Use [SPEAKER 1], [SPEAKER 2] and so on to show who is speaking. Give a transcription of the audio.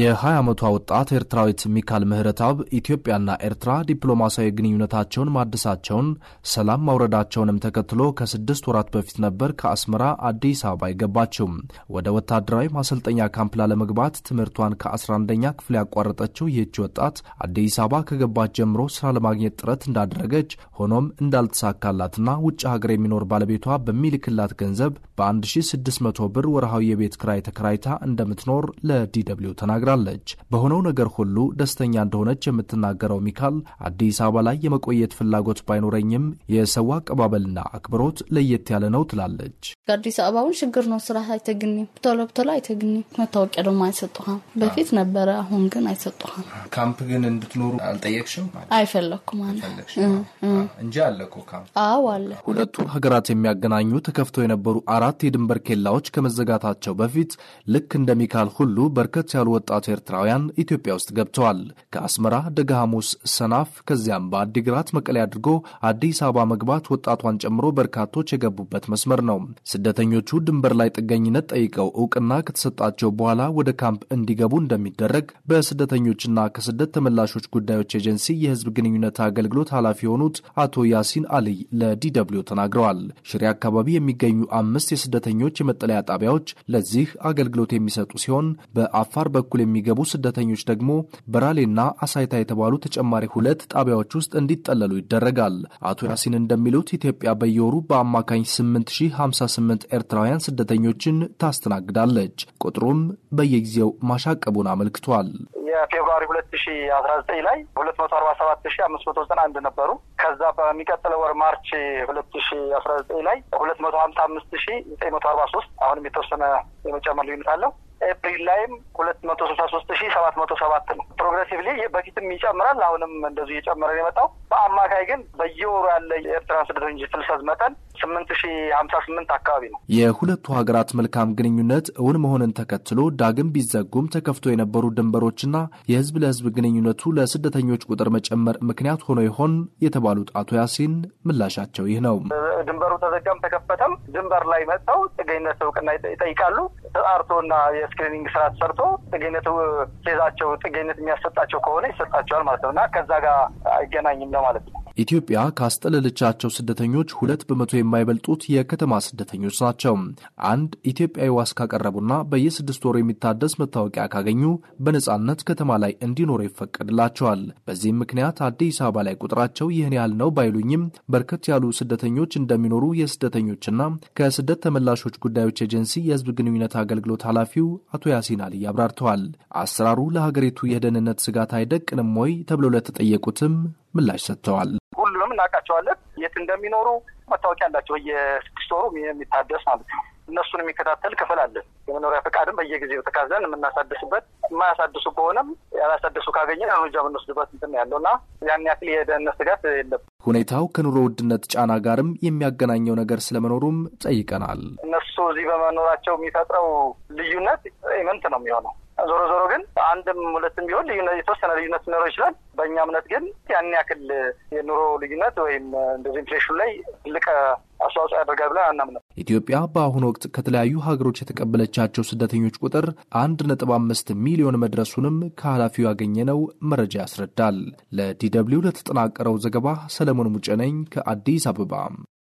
[SPEAKER 1] የ20 ዓመቷ ወጣት ኤርትራዊት ሚካል ምህረታብ ኢትዮጵያና ኤርትራ ዲፕሎማሲያዊ ግንኙነታቸውን ማደሳቸውን ሰላም ማውረዳቸውንም ተከትሎ ከስድስት ወራት በፊት ነበር ከአስመራ አዲስ አበባ አይገባችውም ወደ ወታደራዊ ማሰልጠኛ ካምፕ ላለመግባት ትምህርቷን ከ11ኛ ክፍል ያቋረጠችው ይህች ወጣት አዲስ አበባ ከገባች ጀምሮ ስራ ለማግኘት ጥረት እንዳደረገች፣ ሆኖም እንዳልተሳካላትና ውጭ ሀገር የሚኖር ባለቤቷ በሚልክላት ገንዘብ በ1600 ብር ወርሃዊ የቤት ክራይ ተከራይታ እንደምትኖር ለዲደብሊው ተናግ ተናግራለች። በሆነው ነገር ሁሉ ደስተኛ እንደሆነች የምትናገረው ሚካል አዲስ አበባ ላይ የመቆየት ፍላጎት ባይኖረኝም የሰው አቀባበልና አክብሮት ለየት ያለ ነው ትላለች። አዲስ አበባውን ችግር ነው፣ ስራ አይተግኝም፣ ቶሎ ቶሎ አይተግኝም። መታወቂያ ደግሞ አይሰጡም። በፊት ነበረ፣ አሁን ግን አይሰጡም። ካምፕ ግን እንድትኖሩ አልጠየቅሽም? አይፈለኩም እንጂ አለ እኮ ካምፕ። አዎ አለ። ሁለቱን ሀገራት የሚያገናኙ ተከፍተው የነበሩ አራት የድንበር ኬላዎች ከመዘጋታቸው በፊት ልክ እንደሚካል ሁሉ በርከት ያሉ ወጣ ወጣት ኤርትራውያን ኢትዮጵያ ውስጥ ገብተዋል። ከአስመራ ደጋ ሐሙስ፣ ሰናፍ ከዚያም በአዲግራት መቀሌ አድርጎ አዲስ አበባ መግባት ወጣቷን ጨምሮ በርካቶች የገቡበት መስመር ነው። ስደተኞቹ ድንበር ላይ ጥገኝነት ጠይቀው እውቅና ከተሰጣቸው በኋላ ወደ ካምፕ እንዲገቡ እንደሚደረግ በስደተኞችና ከስደት ተመላሾች ጉዳዮች ኤጀንሲ የህዝብ ግንኙነት አገልግሎት ኃላፊ የሆኑት አቶ ያሲን አልይ ለዲደብሊው ተናግረዋል። ሽሬ አካባቢ የሚገኙ አምስት የስደተኞች የመጠለያ ጣቢያዎች ለዚህ አገልግሎት የሚሰጡ ሲሆን በአፋር በኩል የሚገቡ ስደተኞች ደግሞ በራሌና አሳይታ የተባሉ ተጨማሪ ሁለት ጣቢያዎች ውስጥ እንዲጠለሉ ይደረጋል። አቶ ያሲን እንደሚሉት ኢትዮጵያ በየወሩ በአማካኝ 8058 ኤርትራውያን ስደተኞችን ታስተናግዳለች። ቁጥሩም በየጊዜው ማሻቀቡን አመልክቷል።
[SPEAKER 2] የፌብሩዋሪ 2019 ላይ 247591 ነበሩ። ከዛ በሚቀጥለው ወር ማርች 2019 ላይ 255943 አሁንም የተወሰነ የመጨመር ልዩነት አለው ኤፕሪል ላይም ሁለት መቶ ስልሳ ሶስት ሺ ሰባት መቶ ሰባት ነው ፕሮግሬሲቭሊ በፊትም ይጨምራል፣ አሁንም እንደዚሁ እየጨመረ የመጣው። በአማካይ ግን በየወሩ ያለ የኤርትራ ስደተኞች ፍልሰት መጠን ስምንት ሺ ሀምሳ ስምንት አካባቢ ነው።
[SPEAKER 1] የሁለቱ ሀገራት መልካም ግንኙነት እውን መሆንን ተከትሎ ዳግም ቢዘጉም ተከፍቶ የነበሩ ድንበሮችና የህዝብ ለህዝብ ግንኙነቱ ለስደተኞች ቁጥር መጨመር ምክንያት ሆኖ ይሆን የተባሉት አቶ ያሲን ምላሻቸው ይህ ነው።
[SPEAKER 2] ድንበሩ ተዘጋም ተከፈተም ድንበር ላይ መጥተው ጥገኝነት እውቅና ይጠይቃሉ። ተጣርቶና የስክሪኒንግ ስራ ተሰርቶ ጥገኝነት ሴዛቸው ጥገኝነት የሚያሰጣቸው ከሆነ ይሰጣቸዋል ማለት ነው እና ከዛ ጋር አይገናኝም ነው ማለት ነው።
[SPEAKER 1] ኢትዮጵያ ካስጠለለቻቸው ስደተኞች ሁለት በመቶ የማይበልጡት የከተማ ስደተኞች ናቸው። አንድ ኢትዮጵያዊ ዋስ ካቀረቡና በየስድስት ወሩ የሚታደስ መታወቂያ ካገኙ በነጻነት ከተማ ላይ እንዲኖሩ ይፈቀድላቸዋል። በዚህም ምክንያት አዲስ አበባ ላይ ቁጥራቸው ይህን ያህል ነው ባይሉኝም በርከት ያሉ ስደተኞች እንደሚኖሩ የስደተኞችና ከስደት ተመላሾች ጉዳዮች ኤጀንሲ የህዝብ ግንኙነት አገልግሎት ኃላፊው አቶ ያሲን አልይ አብራርተዋል። አሰራሩ ለሀገሪቱ የደህንነት ስጋት አይደቅንም ወይ ተብለው ለተጠየቁትም ምላሽ ሰጥተዋል።
[SPEAKER 2] ሁሉንም እናውቃቸዋለን። የት እንደሚኖሩ መታወቂያ አላቸው። የስድስት ወሩ የሚታደስ ማለት ነው። እነሱን የሚከታተል ክፍል አለን። የመኖሪያ ፈቃድም በየጊዜው ተካዘን የምናሳድስበት የማያሳድሱ ከሆነም ያላሳድሱ ካገኘን እርምጃ የምንወስድበት እንትን ያለው እና ያን ያክል የደህንነት ስጋት የለም።
[SPEAKER 1] ሁኔታው ከኑሮ ውድነት ጫና ጋርም የሚያገናኘው ነገር ስለመኖሩም ጠይቀናል።
[SPEAKER 2] እነሱ እዚህ በመኖራቸው የሚፈጥረው ልዩነት ኢምንት ነው የሚሆነው ዞሮ ዞሮ ግን አንድም ሁለትም ቢሆን ልዩነት የተወሰነ ልዩነት ሊኖረው ይችላል። በእኛ እምነት ግን ያን ያክል የኑሮ ልዩነት ወይም እንደዚህ ኢንፍሌሽን ላይ ትልቅ አስተዋጽኦ ያደርጋል ብለን አናምነም።
[SPEAKER 1] ኢትዮጵያ በአሁኑ ወቅት ከተለያዩ ሀገሮች የተቀበለቻቸው ስደተኞች ቁጥር አንድ ነጥብ አምስት ሚሊዮን መድረሱንም ከኃላፊው ያገኘነው መረጃ ያስረዳል። ለዲ ለተጠናቀረው ዘገባ ሰለሞን ሙጬ ነኝ ከአዲስ አበባ።